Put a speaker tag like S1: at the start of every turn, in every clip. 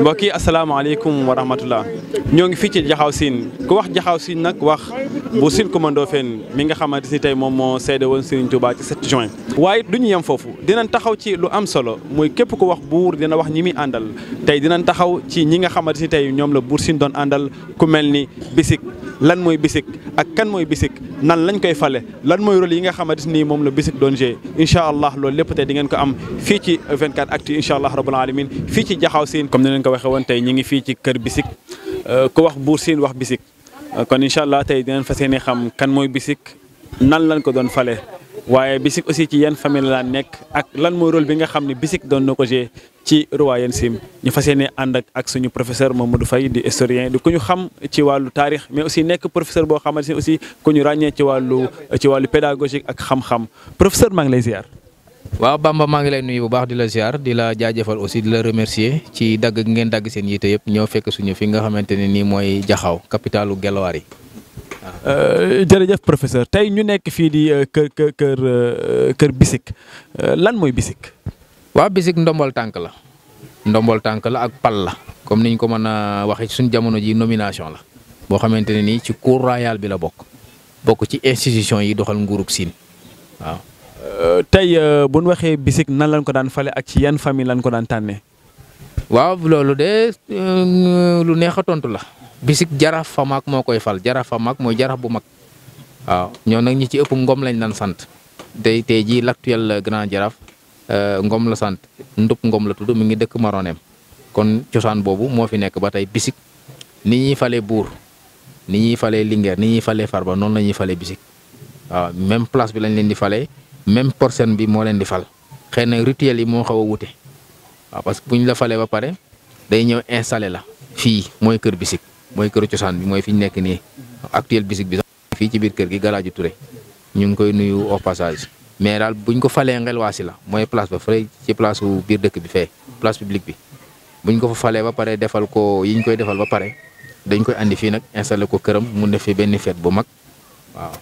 S1: mbokk yi asalaamaaleykum wa rahmatullah ñoo ngi fii ci jaxaw siin ku wax jaxaw siin nag wax bu siin commando fenn mi nga xamante ni tey moom moo seede woon Serigne Touba ci 7 juin waaye du ñu yem foofu dinañ taxaw ci lu am solo muy képp ku wax buur dina wax ñi muy àndal tey dinañ taxaw ci ñi nga xamante ni tey ñoom la buur siin doon àndal ku mel ni bisik lan mooy bisik ak kan mooy bisik nan lañ koy fale lan mooy rôle yi nga xamante ni moom la bisik doon joué incha allah lool lépp te di ko am fii ci 24 actu incha allah rabbul alamin fii ci jaxaw siin comme ni leen ko waxee woon tey ñi ngi fii ci kër bisik euh, ku wax buur siin wax bisik euh, kon incha allah tey dinañ fa yéene xam kan mooy bisik nan lañ ko doon fale waaye Bissic aussi ci yenn famille laa nekk ak lan mooy rôle bi nga xam ne Bissic doon na ko jouer ci Royal Sim ñu fas yéene ànd ak suñu professeur moom ma Mamadou fay di historien di ku ñu xam ci wàllu taarix mais aussi nekk professeur boo xamante ne aussi ku ñu ràññee ci wàllu ci ak xam-xam professeur maa ngi lay ziar.
S2: waaw Bamba maa ngi lay nuyu bu baax di la ziar di la jaajëfal aussi di la remercier ci dagg ngeen dagg seen yiite yëpp ñoo fekk suñu fi nga xamante ne nii mooy jaxaw capitalu Gelwaar yi Euh, jërëjëf professeur tey ñu nekk fii di euh, kër kër kër euh, bisik lan mooy bisik. waa bisik ndombol tànk la ndombol tànk la ak pal la comme niñ ko mën a waxee suñ jamono ji nomination la boo xamante ne nii ci cour royale bi la bokk bokk ci institution yi doxal nguurug siin waaw. tey bu ñu waxee bisik nan lañ ko daan fale ak ci yan famille lañ ko daan tànnee. waaw loolu de lu neex a tontu la. bisik jaraaf famaak moo koy fal fa famaak mooy jaraaf bu mag waaw ñoo nag ñi ci ëpp ngoom lañ daan sant tey tey jii l'actuel grand jaraaf euh, ngom la sant ndub ngoom la tudd mi ngi dëkk Maroneem kon cosaan boobu moo fi nekk ba tey bisik ni ñuy fale buur ni ñuy fale lingeer ni ñuy fale ba noonu la ñuy fale bisik waaw même place bi lañ leen di fale même porcelaine bi moo leen di fal xëy na rituel yi moo xaw a wute waaw parce que bu ñu la falee ba pare day ñëw installé la fii mooy kër bisik mooy këru cosaan bi mooy fi ñu nekk nii actuel bisik bi sax fii ci biir kër gi garaaju Touré ñu ngi koy nuyu au passage mais daal buñ ko falee Ngelwasi la mooy place ba fële ci place wu biir dëkk bi fee place publique bi bu buñ ko fa falee ba pare defal ko yi ñu koy defal ba pare dañ koy indi fii nag installé ko këram mu def fi benn fête bu mag waaw.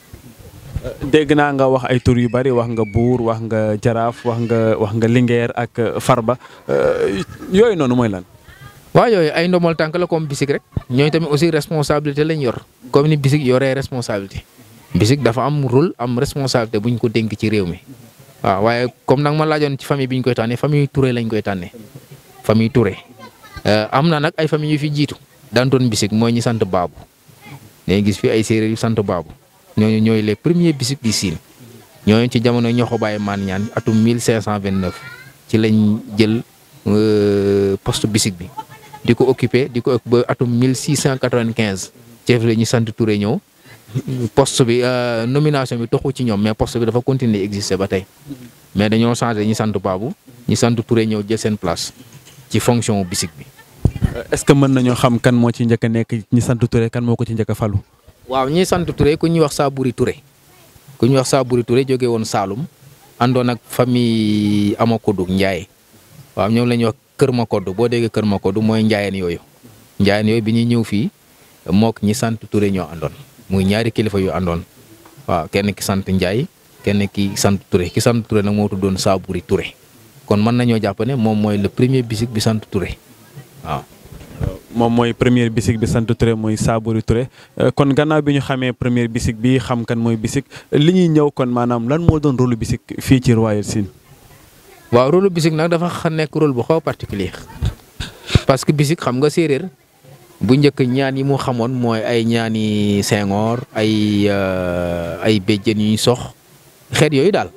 S2: dégg naa nga wax
S1: ay tur yu bari wax nga buur wax nga jaraaf wax nga wax nga lingeer ak far farba
S2: euh, yooyu noonu mooy lan. waaw yooyu ay ndomal tànk la comme bisig rek ñooñu tamit aussi responsabilité lañ yor comme ni bisig yoree responsabilité bisig dafa am rôle am responsabilité buñ ko dénk ci réew mi waaw waaye comme nag ma laajoon ci famille bi ñu koy tànnee famille Touré lañ koy tànnee famille Touré euh, am na nag ay famille yu fi jiitu daan doon mooy ñi sant baabu dañuy gis fi ay séeréer yu sant baabu ñooñu ñooy les premier bisig di siin ñooñu ci jamono ñoxo bàyyi maan ñaan atum 1529 ci lañ jël euh, poste bisig bi. di ko occupé di ko ba atum 1695 ci la ñu sant Touré ñëw post bi euh, nomination bi toxu ci ñoom mais poste bi dafa continuer exister ba tey mais dañoo changé ñi sant baabu ñi sant Touré ñëw jël seen place ci fonction bisik bi. Euh, est-ce que mën nañoo xam kan moo ci njëkk a nekk ñi sant Touré
S1: kan moo ko ci njëkk a falu.
S2: waaw ñi sant Touré ku ñuy wax Saaburi Touré ku ñuy wax Saaburi Touré jógee woon Saalum àndoon ak famille Amakodou Ndiaye waaw ñoom la wax Kër Makoddu boo déggee Kër Makoddu mooy njaayeen yooyu njaayeen yooyu bi ñuy ñëw fii mook ñi sant Touré ñoo àndoon muy ñaari kilifa yu àndoon waaw kenn ki sant Njaay kenn ki sant Touré ki sant Touré nag moo tuddoon Saaburi Touré kon mën nañoo jàpp ne moom mooy le premier bisik bi sant Touré waaw. moom mooy premier bisik bi sant Touré mooy Saaburi
S1: Touré euh, kon gannaaw bi ñu xamee premier bisik bi xam kan mooy bisik li ñuy ñëw kon maanaam
S2: lan moo doon rôle bisik fii ci Royal Sine waaw rôle bisik nag dafa xa nekk rôle bu xaw particulier parce que bisik xam nga séeréer bu njëkk ñaan yi mu xamoon mooy ay ñaani sengoor ay euh, ay béjjën yu sox xeet yooyu daal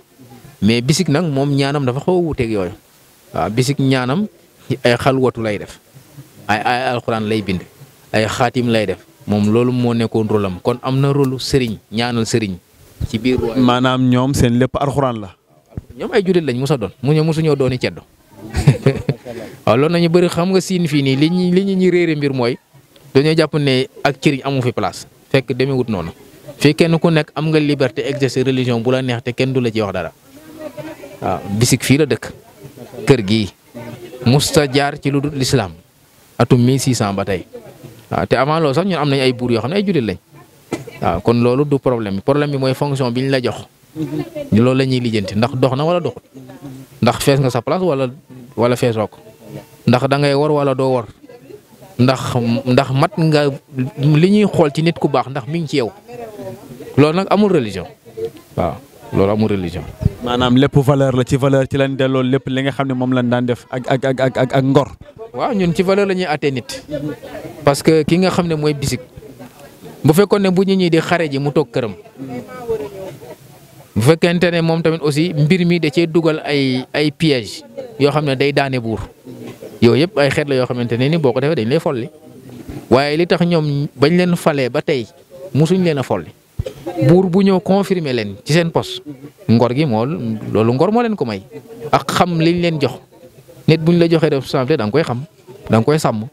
S2: mais bisik nag moom ñaanam dafa xaw a wuuteeg yooyu waaw ñaanam ay xalwatu lay def ay ay alxuraan lay bind ay xaatim lay def moom loolu moo nekkoon rôle kon am na rôle sëriñ ñaanal sëriñ ci biir. maanaam ñoom seen lépp alxuraan la. ñoom ay jullit lañ mos a doon mu ñëw mosuñoo dooni ceddo waaw loolu nañu bëri xam nga siin fii nii li ñu li ñu ñuy réere mbir mooy dañoo jàpp ne ak cëriñ amu fi place fekk demewut noonu fii kenn ku nekk am nga liberté exercer religion bu la neex te kenn du la ci wax dara waaw bisik fii la dëkk kër gii musta jaar ci lu dul lislaam atum 1600 ba tey waaw te avant loolu sax ñun am nañ ay buur yoo xam ne ay jullit lañ waaw kon loolu du problème bi problème bi mooy fonction biñ la jox. loolu la ñuy lijjanti ndax dox na wala doxul ndax fees nga sa place walla wala feesoo ko ndax da ngay wor wala doo war ndax ndax mat nga li ñuy xool ci nit ku baax ndax mi ci yow loolu nag amul religion waaw loolu amul religion. maanaam lépp valeur la ci valeur ci lañ delloo lépp li nga xam ne moom lañ daan def ak ak ak ak ak ngor. waaw ñun ci valeur lañuy ñuy nit parce que ki nga xam ne mooy bisik bu fekkoon ne bu ñu ñi di xare ji mu toog këram bu fekkente ne moom tamit aussi mbir mii da cee dugal ay ay piège yoo xam ne day daane buur yooyu yëpp ay xeet la yoo xamante ne ni boo ko defee dañ lay folli waaye li tax ñoom bañ leen falee ba tey musuñ leen a folli buur bu ñëw confirmer leen ci seen pos ngor gi moo loolu ngor moo leen ko may ak xam liñ leen jox nit buñ la joxee responsabilité da nga koy xam danga koy sàmm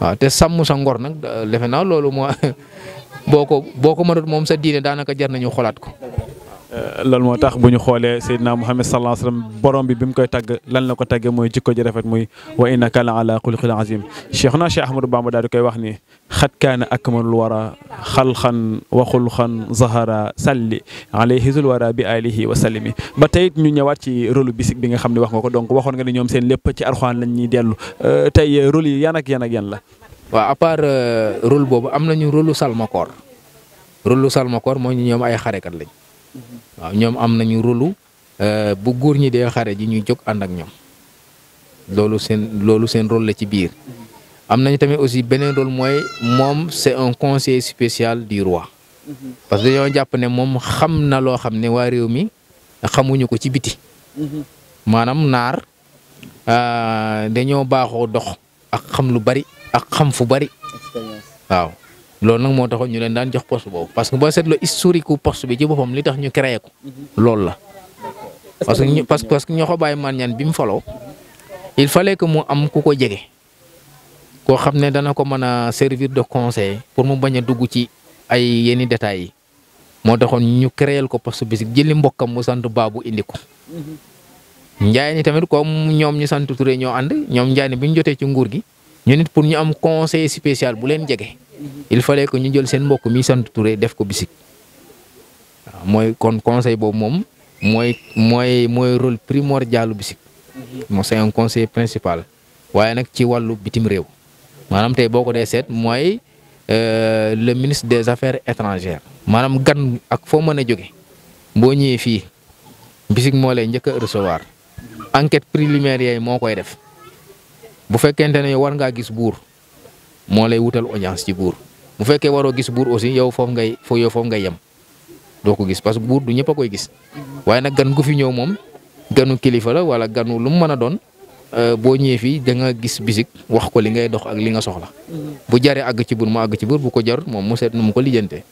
S2: waaw te sàmm sa ngor nag defe naa loolu moo boo ko boo ko mënut moom sa diine daanaka jar nañu xolaat ko. Euh, loolu
S1: moo tax bu ñu xoolee Seydina Muhammad sallallahu alayhi wa sallam borom bi bi mu koy tagg lan la ko tagge mooy jikko ji rafet muy wa innaka la ala xuluqil azim Cheikhuna Cheikh Ahmadou Bamba daal di koy wax ni xat kaana akmalul wara xalxan wa xan zahara salli alayhi zul wara bi alihi wa sallimi ba tey ñu ñëwaat ci rôle bisik bi nga xam ne wax nga ko donc waxoon nga ni ñoom seen lépp ci Alxuraan lañ
S2: ñuy dellu euh, tey rôle yi yan ak yan ak yan la waaw à part euh, rôle boobu am nañu rôle salmakoor rôle salmakoor mooy ñu ñoom ay xarekat lañ waaw ñoom am nañu rôle euh, bu góor ñi dee xare ji ñu jóg ànd ak ñoom loolu seen loolu seen rôle la ci biir. am nañu tamit aussi beneen rôle mooy moom c'est un conseiller spécial du roi. parce que dañoo jàpp ne moom xam na loo xam ne waa réew mi xamuñu ko ci biti. maanaam naar euh, dañoo baaxoo dox ak xam lu bari ak xam fu bari. waaw loolu nag moo taxoon ñu leen daan jox post boobu parce que boo seetloo historique poste bi ci boppam li tax ñu créé ko mhm. loolu la. parce que parce que parce que ñoo ko bàyyi man ñaan bi mu faloo il fallait que mu am ku ko jege koo xam ne dana ko mën a servir de conseil pour mu bañ a dugg ci ay yenn détails yi moo taxoon ñu créel ko poste bi jëli mbokkam mu sant baa bu indi ko. Mhm. Njaay ni tamit comme ñoom ñu sant Touré ñoo ànd ñoom Njaay ni bi ñu jotee ci nguur gi ñu nit pour ñu am conseil spécial bu leen jege. il fallait que ñu jël seen mbokk mi sant Touré def ko bisik mooy kon conseil boobu moom mooy mooy mooy rôle primordial bisik moom c'est un conseil principal waaye nag ci wàllu bitim réew maanaam tey boo ko dee seet mooy euh, le ministre des affaires étrangères maanaam gan ak foo mën a jóge boo ñëwee fii bisik moo lay njëkk a recevoir enquête préliminaire yi moo koy def bu fekkente ne war ngaa gis buur moo lay wutal audience ci buur bu fekkee waroo gis buur aussi yow foofu ngay foo yow yem doo ko gis parce que buur du ñëpp a koy gis waaye nag gan gu fi ñëw moom ganu kilifa la wala ganu lu mu mën a doon euh, boo ñëwee fii danga gis bisik wax ko li ngay dox ak li nga soxla mm-hmm. bu jaree àgg ci buur mu àgg ci buur bu ko jar moom mu set nu mu ko lijjantee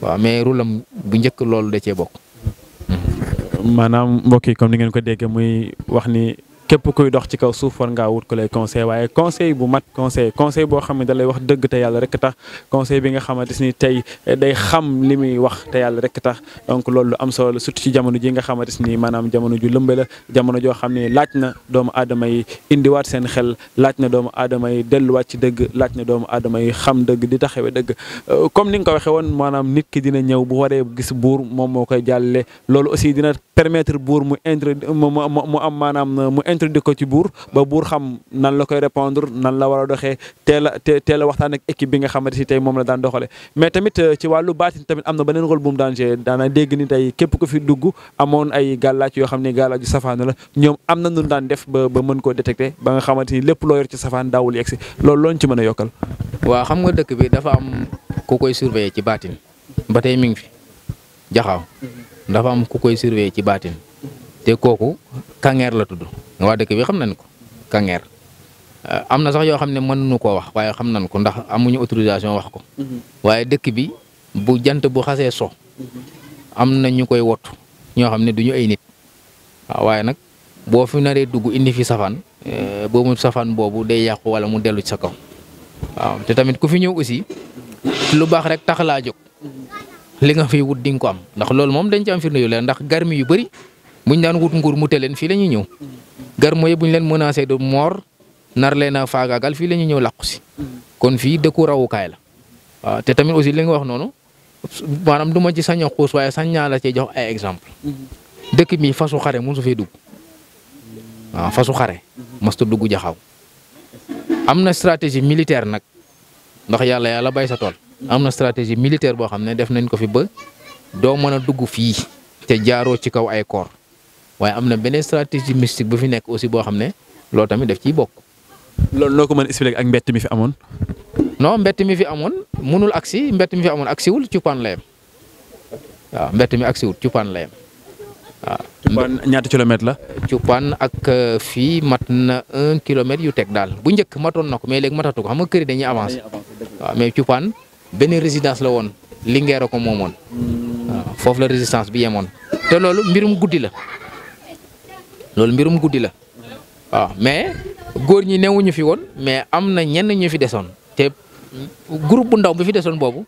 S2: waaw mais rulam bu njëkk loolu da cee bokk.
S1: Mm-hmm. maanaam mbokk yi ni ngeen ko déggee muy wax ni. képp kuy dox ci kaw suuf war ngaa wut ko lay conseil waaye conseil bu mat conseil conseil boo xam ne da lay wax dëgg te yàlla rek tax conseil bi nga xamante ni tey eh, day xam li muy wax te yàlla rek tax donc loolu am solo la surtout ci jamono ji nga xamante ni maanaam jamono ju lëmbe la jamono joo xam ne laaj na doomu aadama yi indiwaat seen xel laaj na doomu aadama yi delluwaat ci dëgg laaj na doomu aadama yi xam dëgg euh, ko waxee woon maanaam nit ki dina ñëw bu waree gis buur moom moo introduire ko ci buur ba buur xam nan la koy répondre nan la war a doxee teel a teel a waxtaan ak équipe bi nga xamante si tey moom la daan doxalee mais tamit euh, ci wàllu baatin tamit am na beneen rôle bu mu daan joué daana dégg ni tey képp ku fi dugg amoon ay gàllaaj yoo xam ne gàllaaju safaanu la ñoom am na nun daan def ba ba mën koo détecter ba nga xamante
S2: ni lépp loo yor ci safaan daawul yegsi loolu looñ ci mën a yokkal waaw xam nga dëkk bi dafa am ku koy surveiller ci baatin ba tey mi ngi fi jaxaaw mm-hmm. dafa am ku koy surveiller ci baatin te kooku kangeer la tudd waa dëkk bi xam nañ ko Kangeer euh, am na sax yoo xam ne mën mënuñu koo wax waaye xam nañ ko ndax amuñu autorisation wax ko mhm. waaye dëkk bi bu jant bu xasee so mhm. am na ñu koy wot ñoo xam ne duñu ay nit waaw waaye nag boo fi naree dugg indi fi safaan euh, boo mu safaan boobu day yàqu wala mu dellu ci sa kaw waaw te tamit ku fi ñëw aussi lu baax rek tax laa jóg mhm. li nga fi wut di nga ko am ndax loolu moom dañ ci am firnde yu leer ndax garmi yu bari ñu daan wut nguur mu te leen fii la ñëw Garmo yi ñu leen menacé de moor nar leen a faagaagal fii la ñuy ñëw làqu si kon fii dëkku rawukaay la waaw te tamit aussi li wax noonu maanaam du ma ci sañ xuus waaye sañ naa la cee jox ay exemple dëkk mi fasu xare mosu fee dugg waaw fasu xare masta dugg jaxaw am na stratégie militaire nag ndox yàlla yàlla bay sa tool am na stratégie militaire boo xam ne def nañ ko fi ba doo mën a dugg fii te jaaroo ci kaw ay corps waaye am na beneen stratégie mystique bu fi nekk aussi boo xam ne loolu tamit daf ciy bokk. loolu loo ko mën expliquer ak mbett mi fi amoon. no mbett mi fi amoon mënul agsi mbett mi fi amoon agsiwul cuppaan la yem waaw mbett mi agsiwul cuppaan la yem waaw. cuppaan la. cuppaan ak euh, fii mat na un yu teg daal bu njëkk matoon na ko mais léegi matatu ko xam nga kër dañuy avancé waaw mais cuppaan benn résidence la woon Linguère ko moomoon
S3: hmm.
S2: foofu la résistance bi yemoon te loolu mbirum guddi la. loolu mbirum guddi la waaw mais góor ñi newuñu fi woon mais am na ñenn ñu fi desoon te groupe bu ndaw bi fi desoon boobu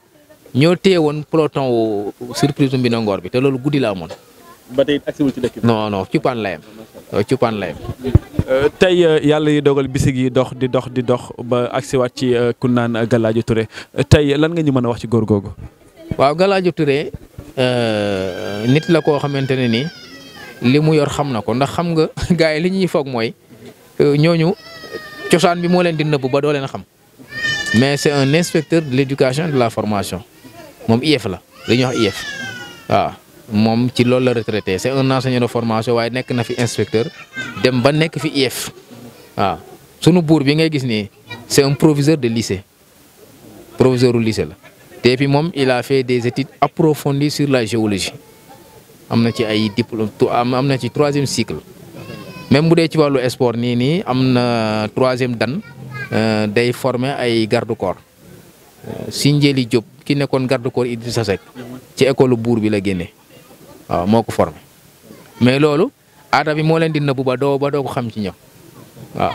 S2: ñoo téye woon peloton wu surprise u Mbinangoor bi te loolu guddi la amoon. ba tey agsiwul ci dëkk cuppaan la yem ah, euh, euh, yàlla yi dogal bisig
S1: yi dox di dox di dox ba agsiwaat ci euh, kun naan Galadio Touré tey lan nga ñu mën a wax ci góor googu.
S2: waaw Galadio Touré nit la koo xamante ne nii. li mu yor xam na ko ndax xam nga gars yi li ñuy foog mooy ñoo euh, ñooñu cosaan bi moo leen di nëbb ba doo leen xam mais c'est un inspecteur de l'éducation et de la formation moom IEF la li ñuy wax IEF waaw moom ci loolu la retraité c'est un enseignant de formation waaye nekk na fi inspecteur dem ba nekk fi IEF waaw sunu buur bi ngay gis nii c'est un proviseur de lycée proviseur u lycée la te puis moom il a fait des études approfondies sur la géologie am na ci ay diplôme am am na ci troisième cycle même bu dee ci wàllu sport nii nii am na troisième dan euh, day former ay garde corps euh, si Njéli Diop ki nekkoon garde corps Idrissa Seck ci école buur bi la génne waaw moo ko formé mais loolu aada bi moo leen di nëbbu ba doo ba doo ko xam ci ñoom waaw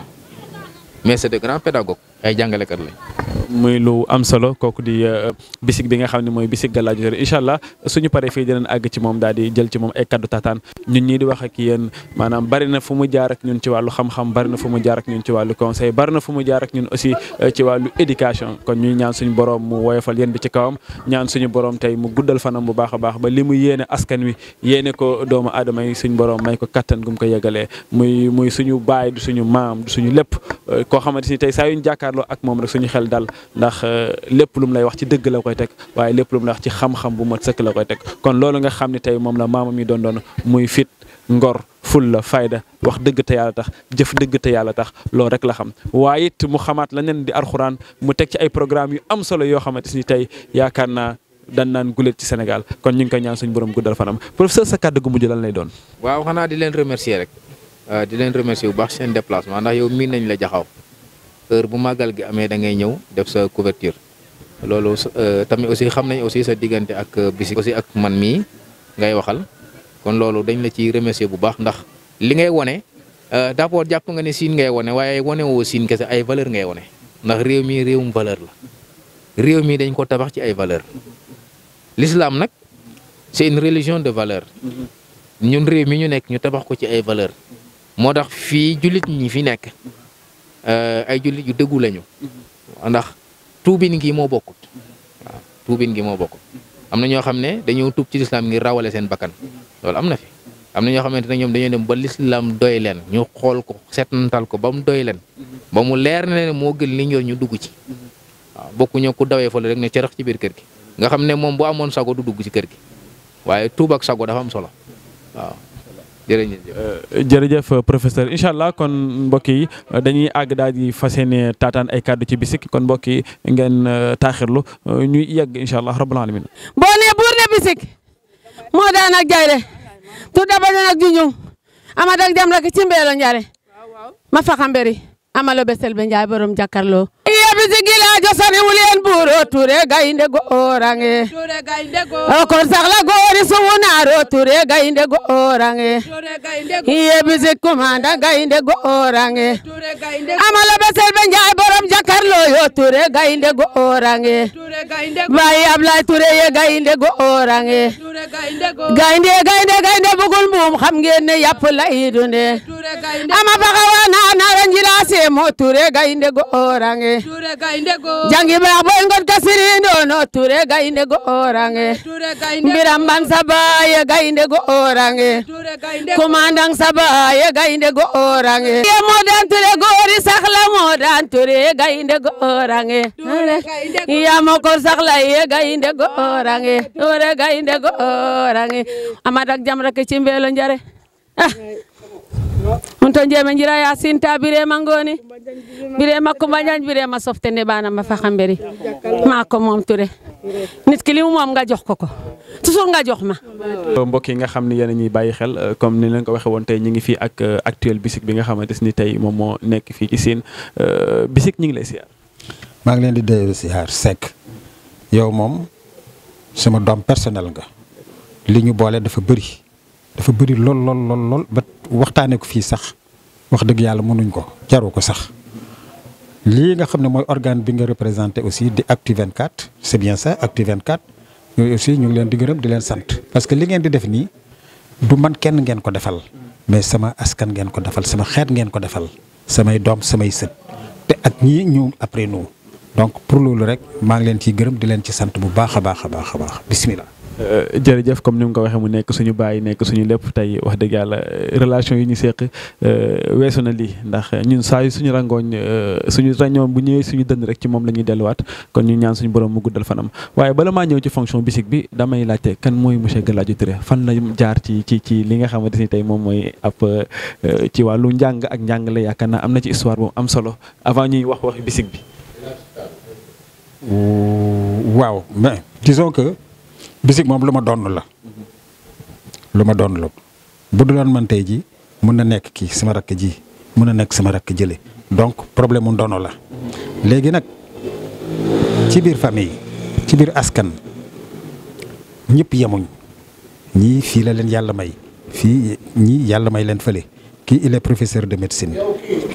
S2: mais c'est de grands pédagogues ay jàngalekat lañ.
S1: muy lu am solo kooku di euh, bisik bi nga xam ne mooy bisik Galadio incha allah suñu paree fii dinañ àgg ci moom daal di jël ci moom ay kaddu tataan ñun ñii di wax ak yéen maanaam bari na fu mu jaar ak ñun ci wàllu xam-xam bari na fu mu jaar ak ñun ci wàllu conseil bari na fu mu jaar ñun aussi euh, ci wàllu éducation kon ñu ñaan suñu borom mu woyofal yéen bi ci kawam ñaan suñu borom tey mu guddal fanam bu baax a baax ba li mu yéene askan wi yéene ko doomu aadama yi suñu borom may ko kattan gum ko yegalee muy muy suñu baay du suñu maam du lépp euh, koo xamante ni tey saa yuñ jàkkaarloo ak moom rek suñu xel dal ndax euh, lépp lu mu lay wax ci dëgg la koy teg waaye lépp lu mu lay wax ci xam-xam bu ma sëkk la koy teg kon loolu nga xam ne tey moom la maamam yi doon doon muy fit ngor ful la fayda wax dëgg te yàlla tax jëf dëgg te yàlla tax loolu rek la xam waaye it mu xamaat leneen di alxuraan mu teg ci ay programme yu am solo yoo xamante ni tey yaakaar naa dan naan guléet ci Sénégal kon ñu ngi koy ñaan suñu borom guddal fanam professeur sa kàddu gu mujj lan lay doon.
S2: waaw xanaa di leen rek euh, di leen baax seen déplacement ndax yow miin nañ la jaxaw heure bu màggal gi amee da ngay ñëw def sa couverture loolu euh, tamit aussi xam nañ aussi sa diggante ak euh, bisi aussi ak man mii ngay waxal kon loolu dañ la ci remercier bu baax ndax li ngay wone euh, d'abord jàpp nga ne siin ngay wone waaye wone woo siin kese ay valeur ngay wone ndax réew mi réewum valeur la réew mi dañ ko tabax ci ay valeur l'islam nag c'est une religion de valeur
S3: mm-hmm.
S2: ñun réew mi ñu nekk ñu tabax ko ci ay valeur moo tax fii jullit ñi fi nekk Euh, ay jullit yu dëggu lañu ndax tuubin gi moo bokkut waaw gi moo bokkut am na ñoo xam ne dañoo tuub ci lislaam ngir rawale seen bakkan loolu am na fi am na ñoo xamante ne ñoom dañoo dem ba lislaam doy leen ñu xool ko setantal ko ba mu doy leen ba mu leer na ne moo gën li ñor ñu dugg ci waaw bokkuñu ku dawee fële rek ne cerax ci biir kër gi nga xam ne moom bu amoon sago du dugg ci kër gi waaye tuub ak sago dafa am solo waaw Euh, jërëjëf jërëjëf euh, professeur incha allah kon mbokk yi euh, dañuy àgg daal
S1: di fas taataan ay kàddu ci bisik kon mbokk yi ngeen taaxirlu ñuy yegg incha allah rabbul alamin
S4: boo nee buur ne bisik moo daan ak tu dabal ak juñu amad ak dem rek ci mbeelo njare ma faxa mberi amalo besel be njaay yebi sigil aja sani wulen buro ture gaynde goorange kon saxla goori suwunaaro ture gaynde goorange yebi sig kumanda gaynde goorange amala besel be njaay e borom jakarlo yo ture gaynde goorange bayi ablay ture ye gaynde goorange gaynde gaynde bugul mum xam ngeen ne yàpp la idunde ama baxa wa na nara njila ture gaynde goorange Touré gaynde goor jangi baax boy ngot ka sirindono Touré gaynde goorange mbiram ban sabaye gaynde goorange commandant sabaye gaynde goorange ye modan Touré goori saxla modan Touré gaynde goorange yamo kor saxla ye gaynde goorange Touré gaynde goorange amadak jam rek ci mbelo njare ah. unto njeme njira ya sinta birema ngoni birema kumba njañ ma softe ne bana ma faxamberi maa ko moom Touré nit ki li mu moom nga jox ko ko toujours nga jox ma
S1: mbokk yi nga xam ne yéen a ñuy bàyyi xel euh, comme ni leen ko waxee woon tey ñu ngi fii ak euh, actuel bisik bi nga xamante ni tey moom moo nekk fii ci Sine euh, bisik ñu ngi lay siyaar
S5: maa ngi leen di delloo siyaar Seck yow moom sama doom personnel nga li ñu boole dafa bëri dafa bëri lool lool lool lool ba waxtaanee ko fii sax wax dëgg yàlla mënuñ ko jaru ko sax. lii nga xam ne mooy organe bi nga représenté aussi di Actu 24 c'est bien ça Actu 24 yooyu aussi ñu ngi leen di gërëm di leen sant parce que li ngeen di def nii du man kenn ngeen ko defal mais sama askan ngeen ko defal sama xeet ngeen ko defal samay doom samay sët te ak ñii ñu après nous donc pour loolu rek maa ngi leen ciy gërëm di leen ci sant bu baax
S1: a baax baax a baax bismillah Euh, jërëjëf comme ni mu ko waxee mu nekk suñu bàyyi nekk suñu lépp tey wax dëgg yàlla euh, relation yi ñu seq euh, weesu na lii ndax ñun saa suñu rangooñ suñu ràññoon bu ñëwee suñu dënd rek ci moom la ñuy delluwaat kon ñu ñaan suñu borom mu guddal fanam waaye bala maa ñëw ci fonction bisik bi damay laajte kan mooy monsieur Galadio Touré fan la jaar ci ci ci li nga xamante ni tey moom mooy ab ci wàllu njàng ak njàngale yaakaar naa am na ci histoire boobu am solo avant ñuy wax wax bi. waaw mais
S5: bisik moom lu ma donn la lu ma donn la bu du loon man tey ji mun na nekk kii sama rakk ji mun na nekk sama rakk jële donc problème mu ndono la léegi nag ci biir famille ci biir askan ñëpp yemuñ ñii fii la leen yàlla may fii ñii yàlla may leen fële kii il est professeur de médecine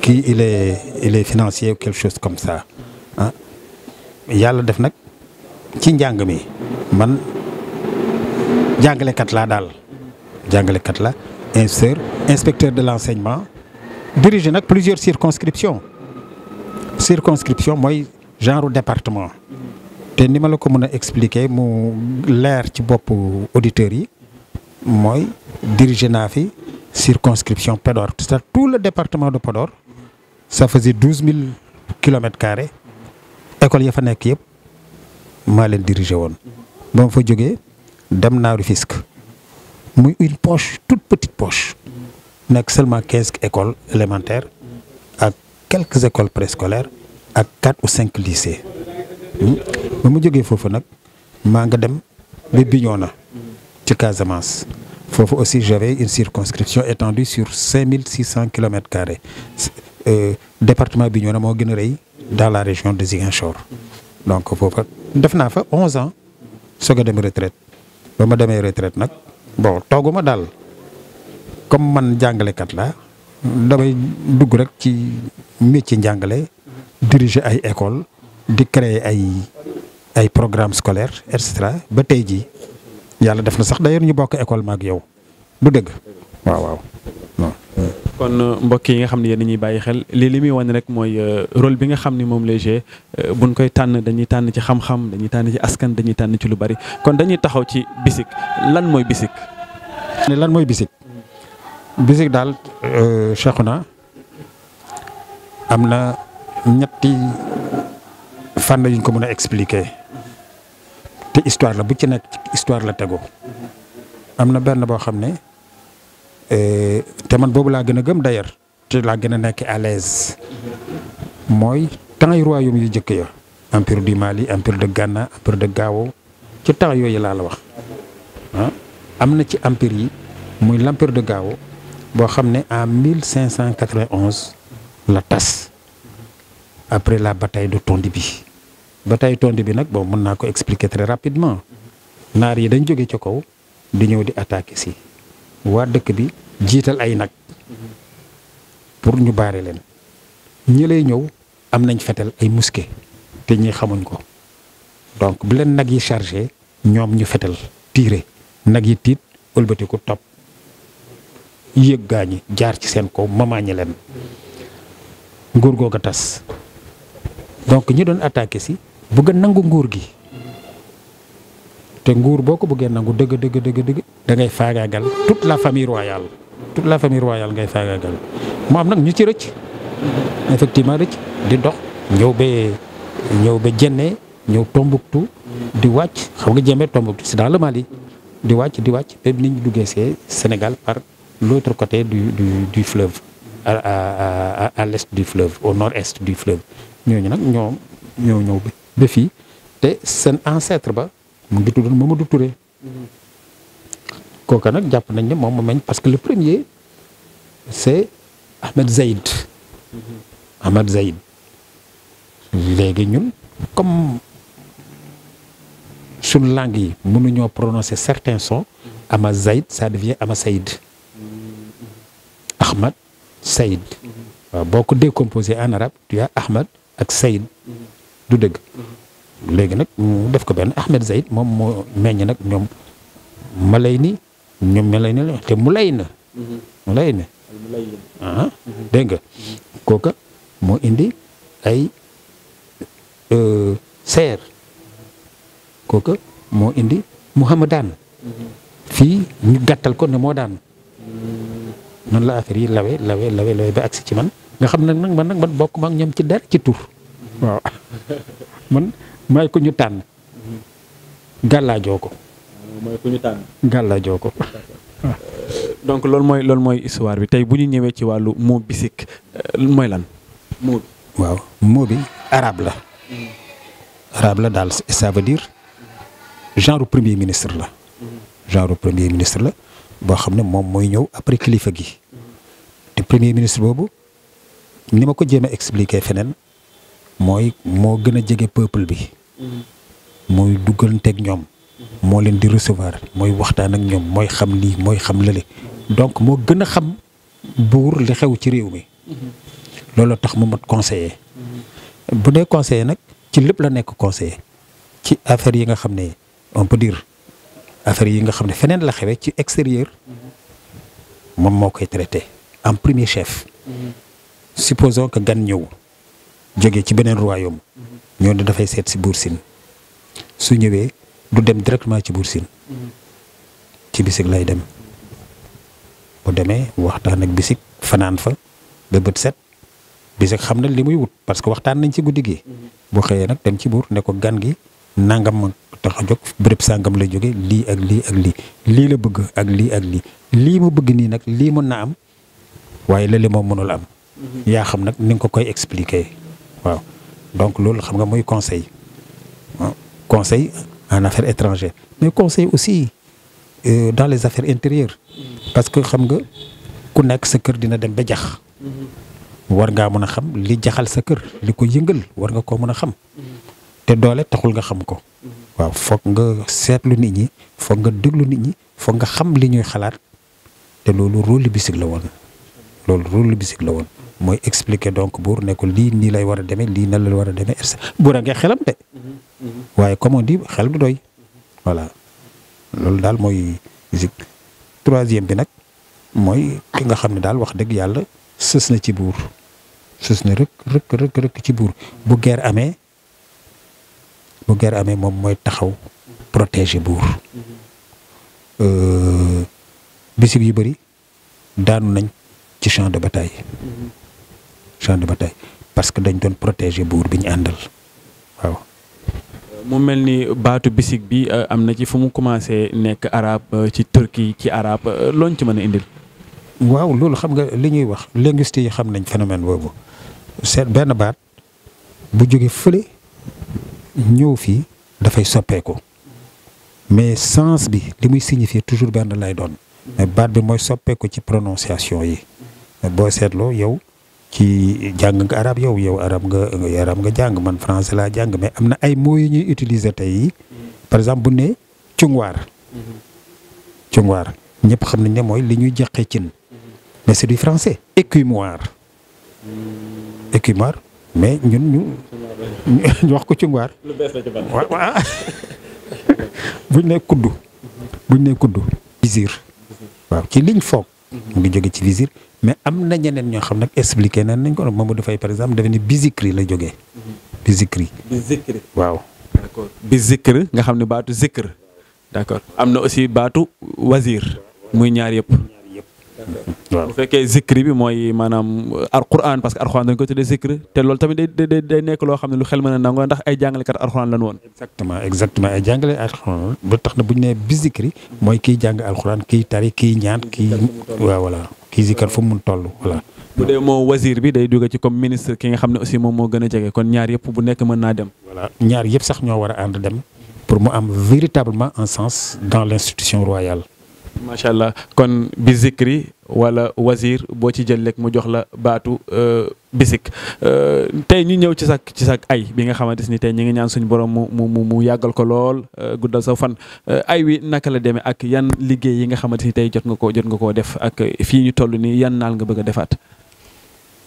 S5: kii il est il financier ou quelque chose comme ça ah yàlla def nag ci njàng mi man jàngalekat laa daal jàngalekat la inspecteur inspecteur de l'enseignement dirigé nag plusieurs circonscriptions circonscription mooy genre département te ni ma la ko mën a expliquer mu leer ci bopp auditeurs yi mooy dirigé naa fi circonscription Podor c'est tout le département de Podor ça faisait douze mille kilomètres carrés école ya fa nekk yëpp maa leen dirigé woon ba ma fa dem naa Rufisque muy une poche toute petite poche nekk seulement quinze écoles élémentaires ak quelques écoles préscolaires ak quatre ou cinq lycées hmm? ba mu jógee foofu nag maa nga dem ba Bignona ci Casamance foofu aussi j'avais une circonscription étendue sur cinq mille six cent kilomètres carrés euh, département Bignona moo gën a rey dans la région de Ziguinchor donc foofa def naa fa onze ans soog dem retraite ba ma demee retraite nag bon tooguma daal comme man jàngalekat la damay dugg rek ci ci njàngale diriger ay école di créer ay ay programme scolaire et cetera ba tey jii yàlla def na sax d'ailleurs ñu bokk école maag yow du dëgg waaw waaw
S1: kon euh, mbokk yi nga xam ne yéen ñuy bàyyi xel lii li muy wane rek mooy euh, rôle bi nga xam ni moom lay joué euh, buñ koy tànn dañuy tànn ci xam-xam dañuy tànn ci askan dañuy tànn ci lu bari kon dañuy taxaw ci bisik lan mooy bisik. lan mooy bisik. bisik daal na am na
S5: ñetti fànn yuñ ko mën a expliquer te histoire la bu ci nekk histoire la tegu am na benn boo xam ne. Eh, te man boobu laa gën a gëm d'ailleurs te laa gën a nekk à l'aise mooy temps yu royaume yu jëkk ya empire du Mali empire de Ghana empire de Gao ci temps yooyu laa la wax ah, am na ci empire yi muy l'empire de Gao boo xam ne en 1591 la tas après la bataille de Tondibi bataille bi nag boo mën naa ko expliquer très rapidement naar yi dañ joge ci kaw di ñëw di attaque si waa dëkk bi jiital ay nag pour ñu baare leen ñi lay ñëw am nañ fetel ay muske te ñi xamuñ ko donc bu leen nag yi chargé ñoom ñu fetel tiire nag yi tiit ëlbatiku topp yëg gaañi jaar ci seen kaw mamaañe leen nguur googa tas donc ñi doon attaqué si bëgg nangu nguur gi te nguur boo ko bëggee nangu dëgg dëgg dëgg dëgg da ngay faagaagal toute la famille royale toute la famille royale ngay faagaagal mu am nag ñu ci rëcc effectivement rëcc di dox ñëw ba ñëw ba jenne ñëw Tombouctou di wàcc xam nga jemee Tombouctou c'est dans le Mali di wàcc di wàcc ba ni ñu duggee see Sénégal par l'autre côté du du du fleuve à à à l'est du fleuve au nord-est du fleuve ñooñu nag ñoom ñoo ñëw ba fii te seen ancêtre ba mu ngi tuddoon Mamadou Touré. kooka nag jàpp nañ ne moom moo meñ parce que le premier c'est Ahmed Zaïd mm-hmm. Ahmed Zaïd léegi ñun comme suñ langue yi mënuñoo prononcer certains son mm-hmm. ama Zaïd ça devient ama Saïd Ahmed Saïd mm-hmm. waaw boo ko décomposé en arabe tu as Ahmed ak Saïd du dëgg léegi nag mu def ko benn Ahmed Zaïd moom moo meññ nag ñoom Malayni ñoom ñoo lay ne la mu lay na. Mhm. mu na. ah kooka moo indi ay euh, seer kooka moo indi muhammadan mhm. fii ñu gàttal ko ne moo daan mhm. noonu la affaire yi lawe lawe lawe lawe ba agsi ci man nga xam nag nag man nag man bokk ma ak ñoom ci dara ci tur waaw man may ko ñu tànn
S1: gàllaajoo ko mooy ku ñu tànn. ko. donc loolu mooy loolu mooy histoire bi tey bu ñu ñëwee ci wàllu mot bisik euh, mooy lan mot bi. waaw mot bi arabe la. Mm-hmm. arabe la daal ça veut
S5: genre premier ministre la. Mm-hmm. genre premier ministre la boo xam ne moom mooy ñëw après kilifa gi. Mm-hmm. te premier ministre boobu ni ma ko jéem a feneen mooy moo gën a jege peuple bi. mooy duggalanteeg ñoom. moo leen di recevoir mooy waxtaan ak ñoom mooy xam lii mooy xam lële donc moo gën a xam buur li xew ci réew mi loolu tax mu mat conseiller bu dee conseiller nag ci lépp la nekk conseiller ci affaire yi nga xam ne on peut dire affaire yi nga xam ne feneen la xewee ci extérieur moom moo koy traité en premier chef supposons que gan ñëw jóge ci beneen royaume ñoo ne dafay seet si buur Sine su ñëwee du dem directement ci Buur Sine ci lay dem bu demee waxtaan ak bisig fanaan fa ba bët set bisig xam na li muy wut parce que waxtaan nañ ci guddi gi boo xëyee nag dem ci buur ne gan gi nangam ma tax a jóg béréb sàngam la jóge lii ak lii ak lii lii la bëgg ak lii ak lii lii mu bëgg nii nag lii mën na am waaye lële moom mënul am yaa xam nag ni nga ko koy expliquer waaw donc loolu xam nga muy conseil conseil en affaires étrangères mais conseil aussi euh, dans les affaires intérieures parce que xam nga ku nekk sa kër dina dem ba jax war ngaa mën a xam li jaxal sa kër li ko yëngal war nga koo mën a xam te doole taxul nga xam ko waaw foog nga seetlu nit ñi foog nga déglu nit ñi foog nga xam li ñuy xalaat te loolu rôle lu bisig la woon loolu rôle lu bisig la woon mooy expliquer donc buur ne lii nii lay war a demee lii nan la war a demee et buur a ngi xelam de. waaye comme on xel du doy. voilà loolu daal mooy zik bi nag mooy ki nga xam ne daal wax dëgg yàlla sës na ci buur sës na rëkk rëkk rëkk ci buur bu guerre amee bu guerre amee moom mooy taxaw protéger buur euh, bisib yu bëri daanu nañ ci champ de bataille. champ de bataille parce que dañ doon protéger buur bi ñu àndal waaw.
S1: mu mel ni baatu bisik bi euh, am na ci fu mu commencé nekk arab euh, ci turki ci araab euh, looñ ci mën a indil. waaw loolu xam nga li ñuy wax linguistes yi xam nañ phénomène boobu seet benn baat
S5: bu jóge fële ñëw fii dafay soppeeku mais sens bi li muy signifier toujours benn lay doon mais baat bi mooy soppeeku ci prononciation yi boo seetloo yow ci jàng nga arab yow yow arab nga arab nga jàng man français la jàng mais am na ay mots yu ñuy utiliser tey par exemple bu ne cungwaar cungwaar ñëpp xam nañ ne mooy li ñuy jaqee cin mais c'est du français écumoire écumoire mais ñun ñu ñu wax ko cungwaar lu ne kuddu buñ ne kudd visir waaw ci liñ foog mhm. mu ngi jóge ci visir mais am na ñeneen ñoo xam nag expliqué nañ nañ ko nag Mamadou Faye par exemple dafa ni bizikri la
S1: jógee. Mhm. bizikri. bizikri waaw. d' accord bizikri nga xam ne baatu zikr. d' accord am na aussi baatu wasir muy ñaar yëpp. Mhm. waaw bu fekkee zikri bi mooy maanaam euh, alquran parce que alquran dañ ko tuddee zikri te loolu tamit day day nekk loo xam ne lu xel mën a nangoo ndax ay jàngalekat alquran lan woon. exactement exactement ay jàngale alquran
S5: ba tax na bu ñu nee bizikri. mooy kiy jàng alquran kiy tari kiy ñaan kiy. waaw voilà. xizikar fu mun toll voilà.
S1: bu dee moo wazir bi day dugg ci comme ministre ki nga xam ne aussi moom moo gën a jege kon ñaar yëpp bu nekk mën naa dem. voilà ñaar yëpp sax ñoo war a ànd dem pour mu am véritablement en sens dans l' institution royale. macha allah kon bi zikri wala wazir boo ci jël rek mu jox la baatu euh, bisik euh, tey ñu ñëw ci sa ci sa ay bi nga xamante ni tey ñu ngi ñaan suñu borom mu mu mu yàggal ko lool euh, guddal fan ay wi naka la demee ak yan liggéey yi nga xamante ni tey jot nga ko jot nga koo def ak fii ñu toll nii yan naal nga bëgg a defaat.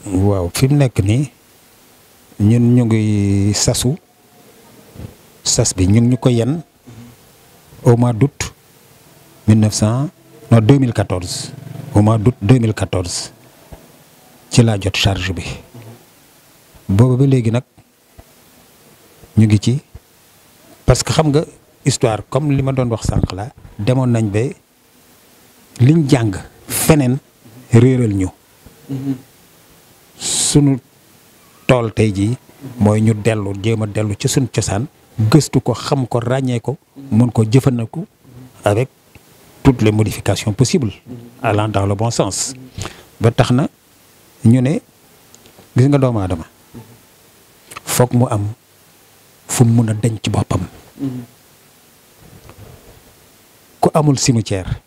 S5: waaw fi mu nekk nii ñun ñu ngi sasu sas bi ñu ñu ko yen au mois d'août 1900 non 2014 au mois d'août 2014 ci laa jot charge bi booba ba léegi nag ñu ngi ci parce que xam nga histoire comme li ma doon wax sànq la demoon nañ ba liñ jàng feneen réeral ñu sunu tool tey ji mooy ñu dellu jéem dellu ci sunu cosaan gëstu ko xam ko ràññee ko mën ko jëfandiku avec toutes les modifications possibles allant dans le bon sens ba tax na ñu ne gis nga doomu aadama foog mu am fu mun a denc ci boppam ku amul cimetière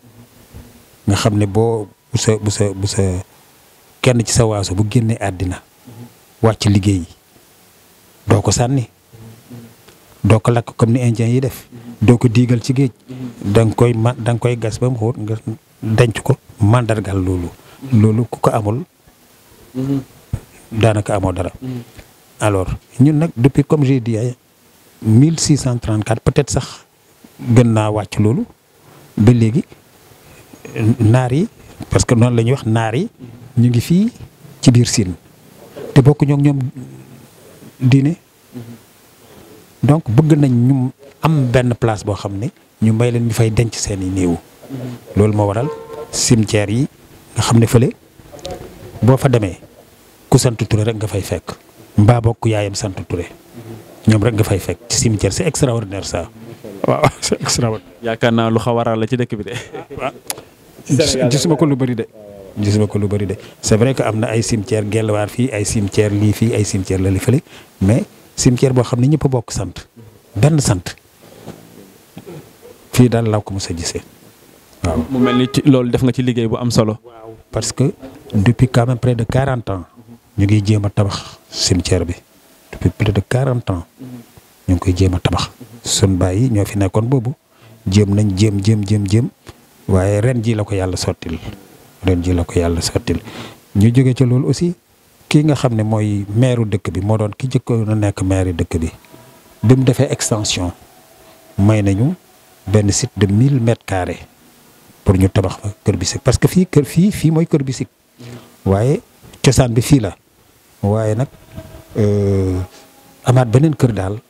S5: nga xam ne boo bu bu sa bu sa kenn ci sa waaso bu génnee àddina wàcc liggéey doo ko sànni doo ko lakk comme ni indien yi def doo ko diigal ci géej da nga koy ma da koy gas ba mu xóot nga denc ko màndargal loolu loolu ku ko amul daanaka amoo dara alors ñun nag depuis comme j'ai dit ay mille six cent trente quatre peut-être sax gën naa wàcc loolu ba léegi naar yi parce que noonu la ñuy wax naar yi ñu ngi fii ci biir Siin te bokk ñoog ñoom diine donc bëgg nañ ñu am benn place boo xam ne ñu may leen ñu fay denc seeni i néew. loolu moo waral cimetière yi nga xam ne fële boo fa demee ku sant Touré rek nga fay fekk mbaa bokk yaayam sant ture ñoom rek nga fay fekk ci cimetière c'est extraordinaire ça waaw c'est
S1: extraordinaire. yaakaar naa lu xaw waral ci dëkk bi de. gisuma
S5: ko lu bari de. gisuma ko lu bari de c'est vrai que am na ay cimetière gelwaar fii ay cimetière lii fii ay cimetière la li fële mais. cimetière boo xam ne ñëpp bokk sant benn sant fii daal laa ko mos a gisee waaw. mu mel
S1: ni ci loolu def nga ci liggéey bu am solo. waaw
S5: parce que depuis quand même près de quarante ans ñu ngi jéem a tabax cimetière bi depuis près de quarante ans ñu ngi koy jéem a tabax. sun bàyyi ñoo fi nekkoon boobu jéem nañ jéem jéem jëm jéem waaye ren ji la ko yàlla sottil ren ji la ko yàlla sottil ñu jóge ca loolu aussi kii nga xam ne mooy maire dëkk bi moo doon ki jëkkoon a nekk maire dëkk bi bi defee extension may nañu benn site de mille mètres carrés pour ñu tabax fa Kër Bisik parce que fii kër fii fii mooy Kër Bisik waaye cosaan bi fii la waaye nag euh, amaat beneen kër daal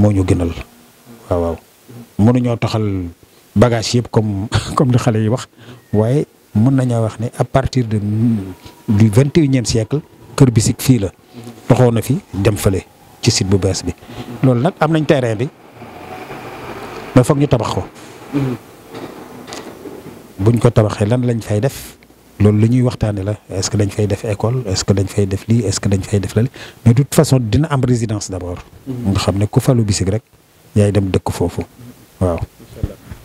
S5: moo ñu gënal waaw waaw mënuñoo toxal bagage yëpp comme comme li xale yi wax waaye mën nañoo wax ne à partir de du vingt et unième siècle kër bisik fii la doxoo na fi dem fale ci site bu bees bi loolu nag am nañ terrain bi mais foog ñu tabax ko buñ ko tabaxee lan lañ fay def loolu lu ñuy waxtaane la est-ce que dañ fay def école est que dañ fay def lii est-ce que dañ fay def lale mais de toute façon dina am résidence d'abord nga xam ne ku falu bisik rek yaay dem dëkk foofu
S1: waaw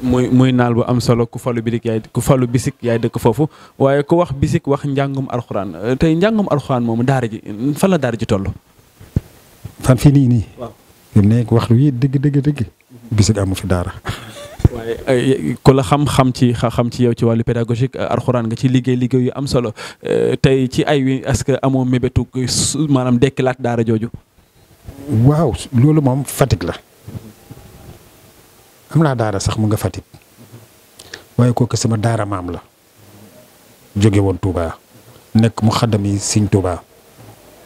S1: muy muy naal bu am solo ku falu birik ku falu bisik yaay dëkk foofu waaye ku wax bisik wax njàngum alxuraan euh, tey njàngum alxuraan moomu daara ji fan la daara ji toll.
S5: fan fii nii nii. waaw nekk wax wi dëgg dëgg dëgg. bisik amu fi daara.
S1: waaye ku la xam-xam ci xam ci yow ci wàllu pédagogique euh, alxuraan nga ci liggéey liggéeyu am solo euh, tey ci ay wi est-ce que amoo mébétu maanaam dekkilaat daara jooju.
S5: waaw loolu moom Fatick la. am naa daara sax mu nga Fatick waaye kooku sama daara maam la jóge woon Touba nekk mu xaddam yi Sëñ Touba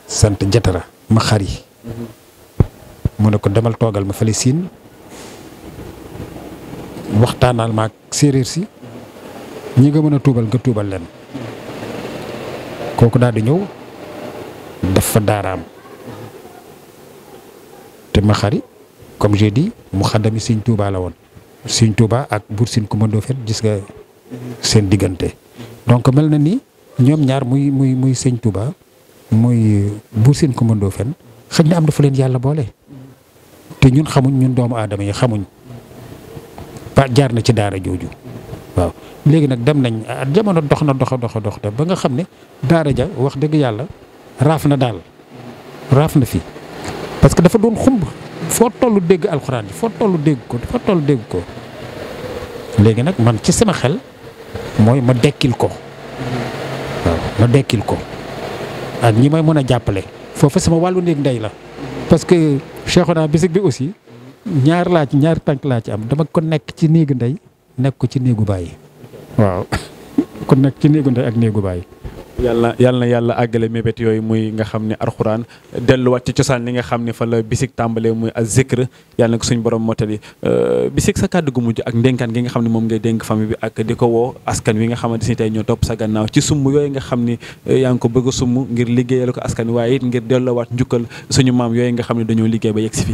S5: sant jatara ma xari mu ne ko demal toogal ma fële siin waxtaanal ma ak séeréer si ñi nga mën a tuubal nga tuubal leen kooku daal di ñëw def fa daaraam te ma xari comme j'ai dit mu xaddami Sëñ Tuubaa la woon Sëñ Tuubaa ak Buur Sine Kumba Ndoofeen gis nga seen diggante donc mel na ni ñoom ñaar muy muy muy Sëñ muy Buur Sine Kumba Ndoofeen xëy na am dafa leen yàlla boole te ñun xamuñ ñun doomu aadama yi xamuñ ba jaar na ci daara jooju waaw léegi nag dem nañ ah, jamono dox na dox dox dox ba nga xam ne daara ja wax dëgg yàlla raaf na daal raaf na fi parce que dafa doon xumb foo toll dégg alxuraan ji foo tollu dégg ko foo tollu dégg ko léegi nag man ci sama xel mooy ma dekkil ko waaw ma dekkil ko ak ñi may mën a jàppale foofu sama wàllu néeg ndey la parce que Cheikhouna bisig bi aussi ñaar laa ci ñaar tànk laa ci am dama ko nekk ci néegu ndey nekk ko ci néegu bàyyi waaw ko nekk ci néegu ndey ak néegu
S1: bàyyi yàlla yàlla na yàlla àggale mébét yooyu muy nga xam ne arxuraan delluwaat ci cosaan li nga xam ne fa la bisik tàmbalee muy ak zikr yàlla na ko suñu borom motali euh, bisik sa kàddu gu mujj ak ndénkaan gi nga xam ne moom ngay dénk famille bi ak di ko woo askan wi nga xamante ni tey ñoo topp sa gannaaw ci yooyu nga xam ne euh, yaa ngi ko bëgg a sumb liggéeyal ko askan waaye it ngir delluwaat njukkal suñu maam yooyu nga xam ne dañoo liggéey ba yegg fi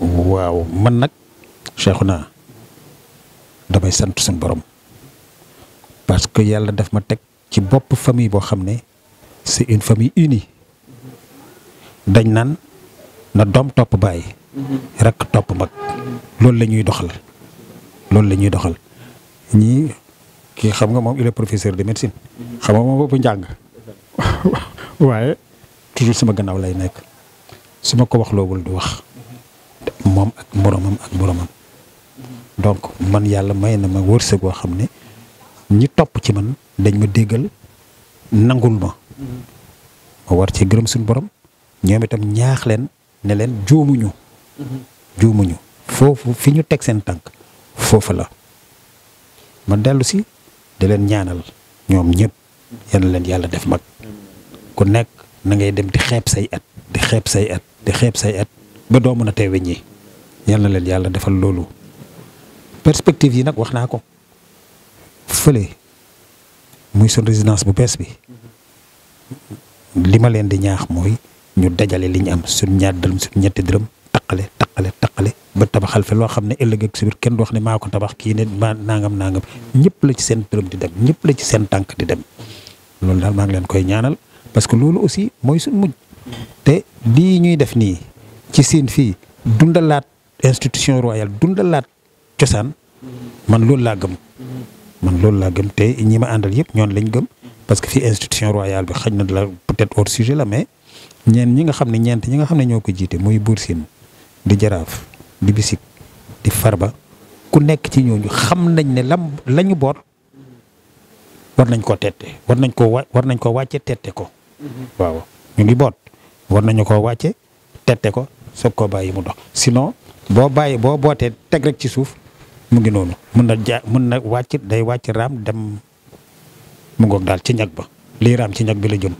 S5: waaw man nag Cheikhouna damay sant suñu borom parce que yàlla daf ma teg ci bopp famille boo xam ne c'est une famille uni dañ naan na doom topp bàyyi rakk topp mag loolu la ñuy doxal loolu la ñuy doxal ñii kii xam nga moom il est professeur de médecine xam nga moom bu njàng waaye toujours sama gannaaw lay nekk su ma ko wax loowul du wax moom ak moroomam ak moroomam donc man yàlla may na ma wërsëg boo xam ne ñi topp ci man dañ ma déggal nangul ma ma war ci gërëm suñu borom ñoom itam ñaax leen ne leen juumuñu juumuñu foofu fi ñu teg seen tànk foofu la ma dellu si di leen ñaanal ñoom ñëpp yal na leen yàlla def mag ku nekk na ngay dem di xeeb say at di xeeb say at di xeeb say at ba doo mën a teewe ñi yal na leen yàlla defal loolu perspective yi nag wax naa ko fële muy suñ résidence bu bees bi li ma leen di ñaax mooy ñu dajale li ñu am suñ ñaar dërëm suñ ñetti dërëm taqale taqale taqale ba tabaxal fi loo xam ne ëllëg ak kenn du wax ne maa tabax kii ne maa nangam nangam ñëpp la ci seen dërëm di dem ñëpp la ci seen tànk di dem loolu daal maa ngi leen koy ñaanal parce que loolu aussi mooy suñ mujj te lii ñuy def nii ci seen fii dundalaat institution royale dundalaat cosaan man loolu laa gëm. man loolu laa gëm te ñi ma àndal yëpp ñoon lañ gëm parce que fii institution royale bi xaj na la peut-être hors la mais ñeen ñi nga xam ne ñeent ñi nga xam ne ñoo ko jiite muy Buur Sine di Jaraaf di Bisik di far ba ku nekk ci ñooñu xam nañ ne lam la ñu boot war nañ koo tette war nañ koo wa war nañ koo wàcce tette ko mm-hmm. waaw ñu ngi boot war nañu koo wàcce tette ko soog koo bàyyi mu dox sinon boo bàyyi boo bootee teg rek ci suuf mu ngi noonu mun na ja mun na wàcc day wàcc raam dem mu ngoog daal ci ñag ba lii raam ci ñag bi la jëm.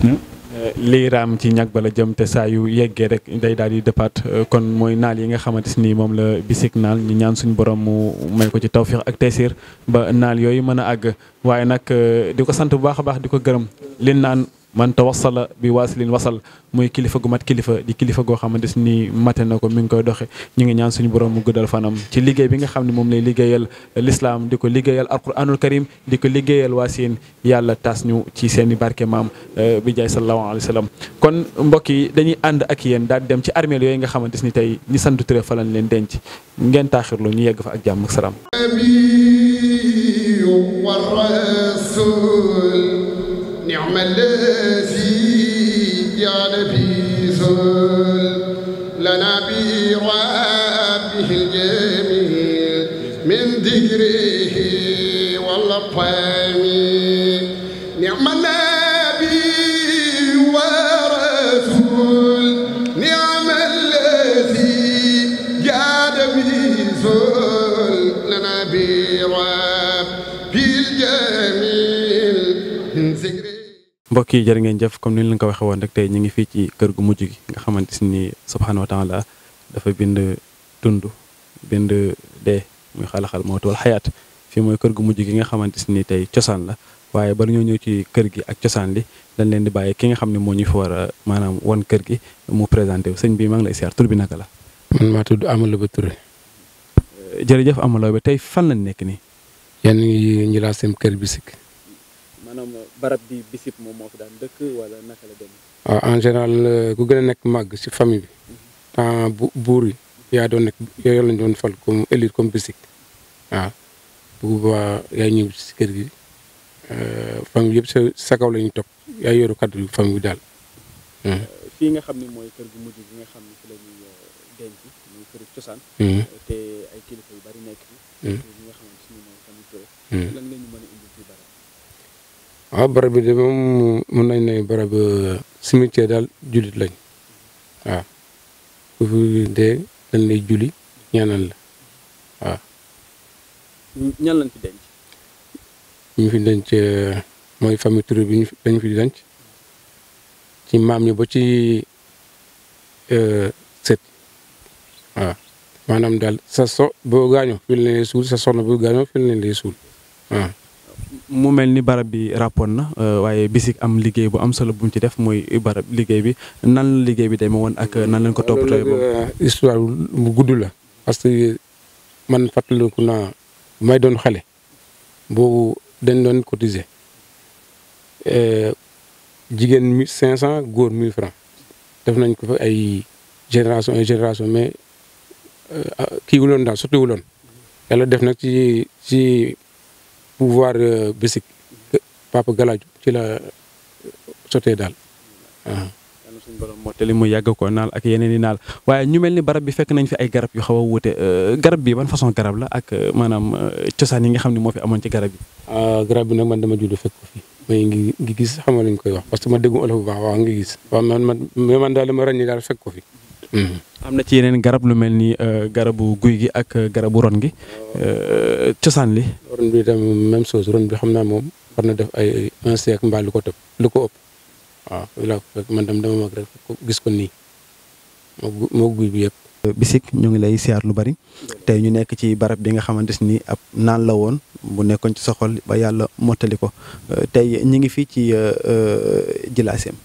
S5: Hmm?
S1: Eh, lii raam ci ñag ba la jëm te saa yu yeggee rek day daal di départ eh, kon mooy naal yi nga xamante nii moom la bisik naal ñu ñaan suñu borom mu may ko ci tawfiix ak teesir ba naal yooyu mën a àgg waaye nag eh, di ko sant bu baax a baax di ko gërëm li naan man tawassala bi waasilin wasal mooy kilifa gu mat kilifa di kilifa goo xamante ni mate na ko mi ngi koy doxe ñu ngi ñaan suñu borom mu guddal fanam ci liggéey bi nga xam ne moom lay liggéeyal lislaam di ko liggéeyal alquranul karim di ko liggéeyal waa siin yàlla tas ñu ci seeni barke maam eh, bi jaay sallallahu alayhi wa sallam kon mbokk yi dañuy ànd ak yéen daal dem ci armeel yooyu nga xamante ni tey ñi sant Touré fa lañ leen denc ngeen taaxirlu ñu yegg fa ak jàmm ak salaam
S4: ni'mal lazi
S1: mbokk yi jërë ngeen jëf comme ni leen ko waxee woon rek tey ñu ngi fii ci kër gu mujj gi nga xamante si ni subhaanahu wa taala dafa bind dund bind dee muy xalaxal mawtu wal xayaat fii mooy kër gu mujj gi nga xamante si ni tey cosaan la waaye bala ñoo ñëw ci kër gi ak cosaan li dañ leen di bàyyi ki nga xam ne moo ñu fi war a maanaam wan kër gi mu présenté wu sëñ bii mag ngi lay siyaar tur bi naka la. man maa tudd Amadou Ba Touré.
S6: jërëjëf Amadou Ba tey fan lañ nekk nii. yéen ngi seen kër
S1: maanaam barab bi bisib moom moo fi daan dëkk wala naka la demee.
S6: waaw ah, en général euh, ku gën a nekk màgg si famille bi. Mhm. temps bu buur yi. yaa doon nekk yooyu lañ doon fal comme élite comme bisik waaw gi euh, famille yëpp sa sa kaw la ñuy topp yaa yoru kaddu famille bi daal. Euh,
S1: nga xam ne mooy kër mujj gi nga xam ne fi mhm. yu bari nekk fi. Mhm. ñi nga la ñu mën a indi
S6: a barab bi de moom mën nañ ne barab euh, cimetière daal julit lañ waaw ku fi dee dañ lay julli ñaanal la a ñan lañ fi denc. ñu fi denc euh, mooy famille Touré bi ñu dañ fi denc ci maam ñi ba ci euh, sët waaw maanaam daal sa so boo gaañoo
S1: fi la leen suul sa soxna boo gaañoo fi la leen suul mu mel ni barab bi ràppoon na euh, waaye bisik am liggéey bu am solo bu ci def mooy barab liggéey bi nan la liggéey bi demee woon ak euh, nan lañ ko toppatoo boobu euh, histoire bu gudd la parce que man
S6: fàttaliku naa may doon xale boobu dañ doon cotiser jigéen mi cinq cent góor mille francs def nañ ko fa ay génération ay génération mais ah, kii wuloon daal sotti wuloon yàlla def nag ci ci pouvoir euh, Bessic Papa
S1: Galaaju ci la euh, sotee daal waaw. moo te li mu yàgg ko naal ak yeneen i naal waaye ñu mel ni barab bi fekk nañ fi ay garab yu xaw a wuute euh, garab bi ban façon garab la ak maanaam cosaan yi nga xam ne moo fi amoon ci garab yi.
S6: Ah, garab bi nag
S1: man dama judd fekk ko
S6: fi may ngi gis xamal lañ koy wax parce que ma déggu olof bu baax waaw ngi gis waaw man man man daal dama ràññee daal fekk ko fi.
S1: Mm-hmm. am na ci yeneen garab lu mel ni euh, garabu guy gi ak euh, garabu ron gi euh, cosaan li.
S6: ron bi tam même chose ron bi xam naa moom war na def ay
S1: un siècle mbaa lu ko ëpp waaw
S6: loolu fekk man tam dama mag rek gis ko nii
S1: moo guy bi yëpp. Bisik ñu ngi lay siyaar lu bari tey ñu nekk ci barab bi nga xamante nii ab naan la woon bu nekkoon ci soxol xol ba yàlla mottali ko tey ñu ngi fii ci Djilassène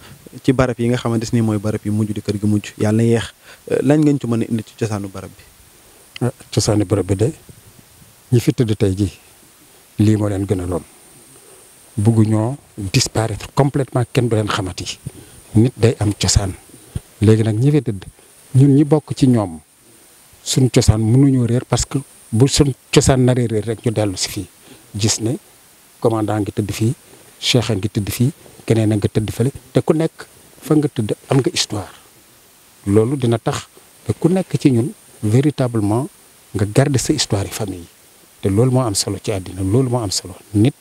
S1: ci barab yi nga xamante ni mooy barab yi mujj di kër gi mujj yàlla na yeex eh, lañ ngeen ci mën a indi ci cosaanu barab bi. ah cosaanu barab bi de
S5: ñi fi tëdd tey ji lii moo leen gën a loon bugg ñoo disparaître complètement kenn du leen xamati nit day am cosaan léegi nag ñi tëdd ñun ñi bokk ci ñoom suñ cosaan mënuñoo réer parce que bu suñ cosaan naree réer rek ñu dellu si fii gis ne commandant ngi tëdd fii cheikh a ngi tëdd fii. keneen a nga tëdd fële te ku nekk fa nga tëdd am nga histoire loolu dina tax te ku nekk ci ñun véritablement nga garder sa histoire yi famille te loolu moo am solo ci àddina loolu moo am solo nit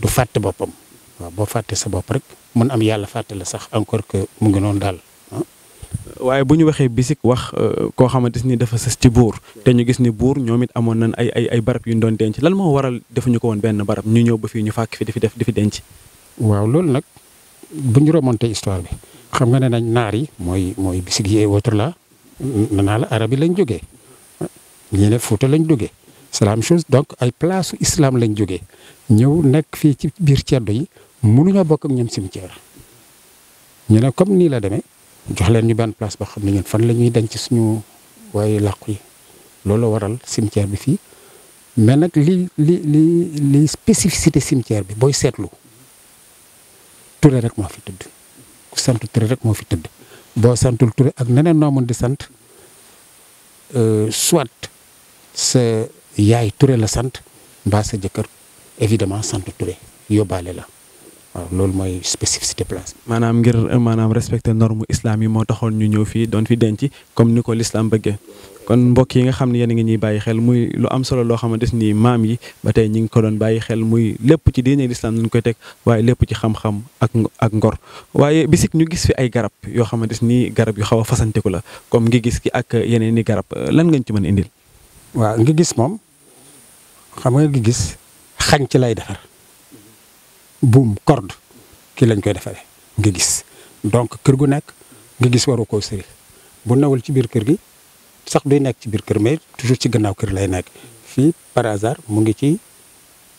S5: du fàtte boppam waaw boo fàtte sa bopp rek mun am yàlla fàtte la sax encore que mu ngi noonu daal
S1: ah. waaye bu ñu waxee bisik wax euh, koo xamante ni dafa sës ci buur te ñu gis ni buur ñoom it amoon nañ ay ay ay barab yu ñu doon denc lan moo waral defuñu ko woon benn ñu ñëw ba fii ñu fàkk fi di def di fi waaw loolu nag bu ñu remonté histoire bi xam nga ne nañ naar yi mooy mooy
S5: bisig yee wotor la naa la arab yi lañ jógee ñi ne Fuuta lañ jógee c'est la même chose donc ay place islaam lañ jógee ñëw nekk fii ci biir ceddo yi mënuñoo bokk ak ñoom cimetière ñu ne comme nii la demee jox leen ñu benn place boo xam ne ñun fan la ñuy ci suñu waaye làqu yi loolu waral cimetière bi fii mais nag li li li li spécificité cimetière bi booy seetlu Touré rek moo fi tëdd sant Touré rek moo fi tudd boo santul Touré ak neneen noo mën di sant euh, soit sa yaay Touré la sant mbaa sa jëkkër évidemment sant Touré yóbbaale la waaw loolu mooy spécificité place
S1: maanaam ngir maanaam respecter norme islam yi moo taxoon ñu ñëw fii doon fi denc comme ni ko l'islam bëggee kon mbokk yi nga xam ne yéen a ngi ñuy bàyyi xel muy lu am solo loo xamante ni maam yi ba tey ñu ngi ko doon bàyyi xel muy lépp ci di lislaam lañ koy teg waaye lépp ci xam-xam ak ngor waaye bisik ñu gis fi ay garab yoo xamante ni garab yu xaw a fasanteku la comme ngi gis ki ak yeneen i garab lan ngañ ci mën indil. waa ngi gis moom xam nga ngi gis xañ ci lay defar buum
S5: corde ki lañ koy defaree ngi gis donc kër gu nekk ngi gis waru koo sëri bu nawul ci biir kër gi. sax duy nekk ci biir kër mais toujours ci gannaaw kër lay nekk fii par hasard mu ngi ci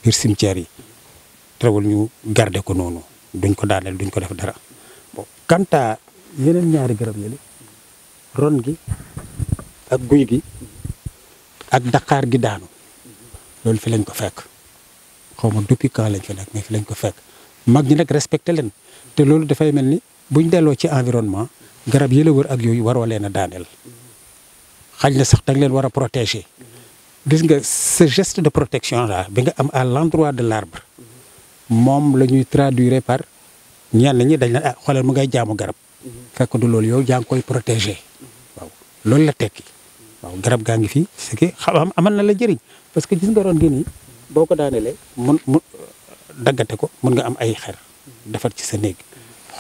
S5: biir cimetière yi teewul ñu garder ko noonu duñ ko daaneel duñ ko def dara bon quant yeneen ñaari garab yi ron gi ak guy gi ak daqaar gi daanu loolu fi lañ ko fekk xaw ma depuis lañ fi nekk lañ ko fekk mag ñi nag respecté leen te loolu dafay mel ni buñ delloo ci environnement garab yi la wër ak yooyu waroo leen a daaneel xañ na sax da leen war a protéger gis nga ce geste de protection là bi nga am à l'endroit de l'arbre moom la ñuy traduire par ñaan ñi dañ na a ah, xoolal mu ngay jaamu garab fekk du loolu yow yaa koy protéger waaw loolu la tekki waaw garab gaa ngi fi c'est que xam amal na la njëriñ parce que gis nga roon gi nii boo ko daanelee mun mu daggate ko mun nga am ay xer defar ci sa néeg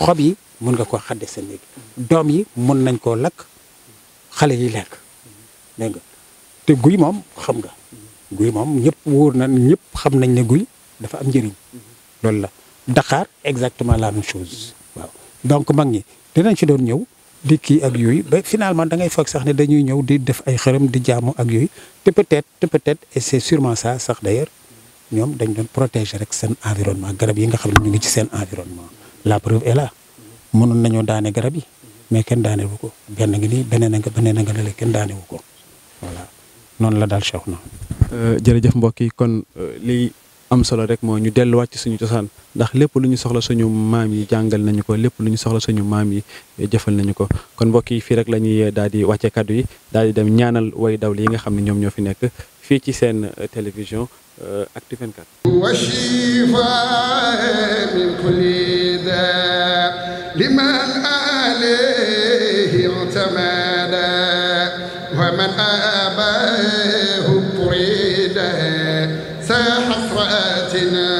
S5: xob yi mun nga koo xadd sa néeg doom yi mun nañ koo lakk xale yi lekk dégg nga te guy moom xam nga guy moom ñëpp wóor na ñëpp xam nañ ne guy dafa am njëriñ loolu la Dakar exactement la même chose waaw donc mag ñi dinañ ci doon ñëw di kii ak yooyu ba finalement da ngay foog sax ne dañuy ñëw di def ay xërëm di jaamu ak yooyu te peut-être te peut-être et c'est sûrement ça sax d'ailleurs ñoom dañ doon protéger rek seen environnement garab yi nga xam ne ñu ngi ci seen environnement la preuve est là mënoon nañoo daane garab yi mais kenn daanewu ko benn ngi nii beneen a nga a nga kenn daanewu ko voilà noonu la daal Cheikh na
S1: euh, jërëjëf mbokk yi kon euh, li am solo rek mooy ñu delluwaat ci suñu cosaan ndax lépp lu ñu soxla suñu maam yi jàngal nañu ko lépp lu ñu soxla suñu maam yi eh, jëfal nañu ko kon mbokk yi fii rek la ñuy eh, daal di wàcce kaddu yi daal di dem ñaanal way dawli yi nga xam ne ñoom ñoo fi nekk fii ci seen eh, télévision euh, Actu 24.
S4: ومن آباه بريده سا حسرتنا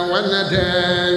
S4: ونداه